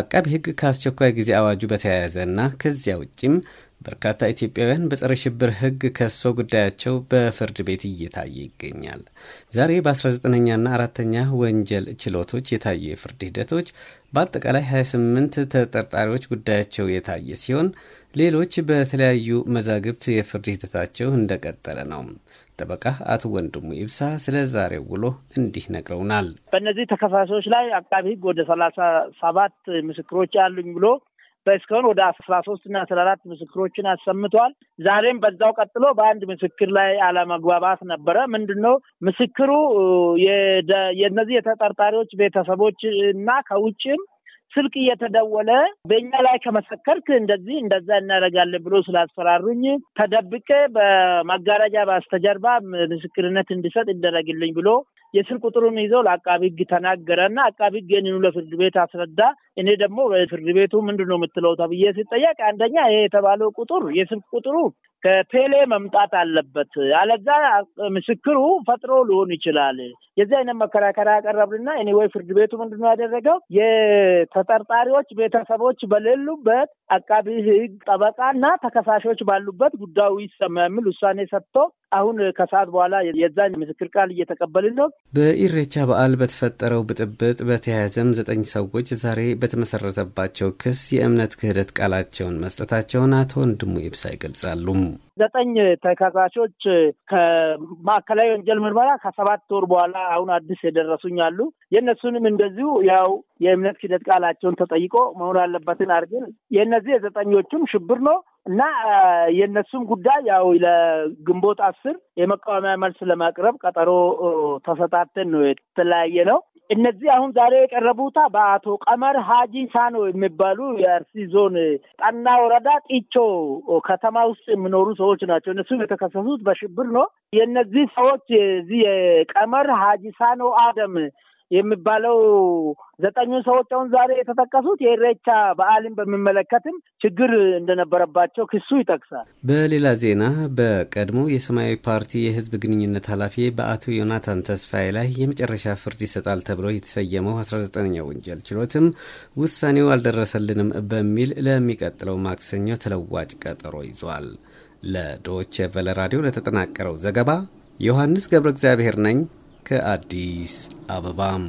አቃቢ ህግ ከአስቸኳይ ጊዜ አዋጁ በተያያዘና ከዚያ ውጭም በርካታ ኢትዮጵያውያን በጸረ ሽብር ህግ ከሶ ጉዳያቸው በፍርድ ቤት እየታየ ይገኛል። ዛሬ በ19ኛና አራተኛ ወንጀል ችሎቶች የታዩ የፍርድ ሂደቶች በአጠቃላይ 28 ተጠርጣሪዎች ጉዳያቸው የታየ ሲሆን ሌሎች በተለያዩ መዛግብት የፍርድ ሂደታቸው እንደቀጠለ ነው። ጠበቃ አቶ ወንድሙ ይብሳ ስለ ዛሬው ውሎ እንዲህ ነግረውናል። በእነዚህ ተከሳሾች ላይ አቃቢ ሕግ ወደ ሰላሳ ሰባት ምስክሮች አሉኝ ብሎ በእስካሁን ወደ አስራ ሶስት እና አስራ አራት ምስክሮችን አሰምቷል። ዛሬም በዛው ቀጥሎ በአንድ ምስክር ላይ አለመግባባት ነበረ። ምንድን ነው ምስክሩ የእነዚህ የተጠርጣሪዎች ቤተሰቦች እና ከውጭም ስልክ እየተደወለ በኛ ላይ ከመሰከርክ እንደዚህ እንደዛ እናደርጋለን ብሎ ስላስፈራሩኝ ተደብቄ በመጋረጃ በስተጀርባ ምስክርነት እንድሰጥ ይደረግልኝ ብሎ የስልክ ቁጥሩን ይዘው ለአቃቢ ተናገረ ተናገረና አቃቢ ህግ ይህንኑ ለፍርድ ቤት አስረዳ። እኔ ደግሞ ፍርድ ቤቱ ምንድን ነው የምትለው ተብዬ ሲጠየቅ አንደኛ ይሄ የተባለው ቁጥር የስልክ ቁጥሩ ከፔሌ መምጣት አለበት፣ አለዛ ምስክሩ ፈጥሮ ሊሆን ይችላል። የዚህ አይነት መከራከሪያ ያቀረብንና እኔ ወይ ፍርድ ቤቱ ምንድን ነው ያደረገው የተጠርጣሪዎች ቤተሰቦች በሌሉበት አቃቢ ሕግ ጠበቃና ተከሳሾች ባሉበት ጉዳዩ ይሰማ የሚል ውሳኔ ሰጥቶ አሁን ከሰዓት በኋላ የዛን ምስክር ቃል እየተቀበልን ነው። በኢሬቻ በዓል በተፈጠረው ብጥብጥ በተያያዘም ዘጠኝ ሰዎች ዛሬ በተመሰረተባቸው ክስ የእምነት ክህደት ቃላቸውን መስጠታቸውን አቶ ወንድሙ ይብሳ ይገልጻሉ። ዘጠኝ ተከሳሾች ከማዕከላዊ ወንጀል ምርመራ ከሰባት ወር በኋላ አሁን አዲስ የደረሱኝ አሉ። የእነሱንም እንደዚሁ ያው የእምነት ክህደት ቃላቸውን ተጠይቆ መሆን ያለበትን አድርገን የእነዚህ የዘጠኞቹም ሽብር ነው እና የእነሱም ጉዳይ ያው ለግንቦት አስር የመቃወሚያ መልስ ለማቅረብ ቀጠሮ ተሰጣተን ነው የተለያየ ነው። እነዚህ አሁን ዛሬ የቀረቡታ በአቶ ቀመር ሀጂ ሳኖ የሚባሉ የአርሲ ዞን ጣና ወረዳ ጢቾ ከተማ ውስጥ የሚኖሩ ሰዎች ናቸው። እነሱ የተከሰሱት በሽብር ነው። የእነዚህ ሰዎች የዚህ የቀመር ሀጂ ሳኖ አደም የሚባለው ዘጠኙ ሰዎች አሁን ዛሬ የተጠቀሱት የኢሬቻ በዓልን በሚመለከትም ችግር እንደነበረባቸው ክሱ ይጠቅሳል። በሌላ ዜና በቀድሞ የሰማያዊ ፓርቲ የህዝብ ግንኙነት ኃላፊ በአቶ ዮናታን ተስፋዬ ላይ የመጨረሻ ፍርድ ይሰጣል ተብሎ የተሰየመው አስራ ዘጠነኛ ወንጀል ችሎትም ውሳኔው አልደረሰልንም በሚል ለሚቀጥለው ማክሰኞ ተለዋጭ ቀጠሮ ይዟል። ለዶች ቨለ ራዲዮ ለተጠናቀረው ዘገባ ዮሐንስ ገብረ እግዚአብሔር ነኝ። ከአዲስ አበባም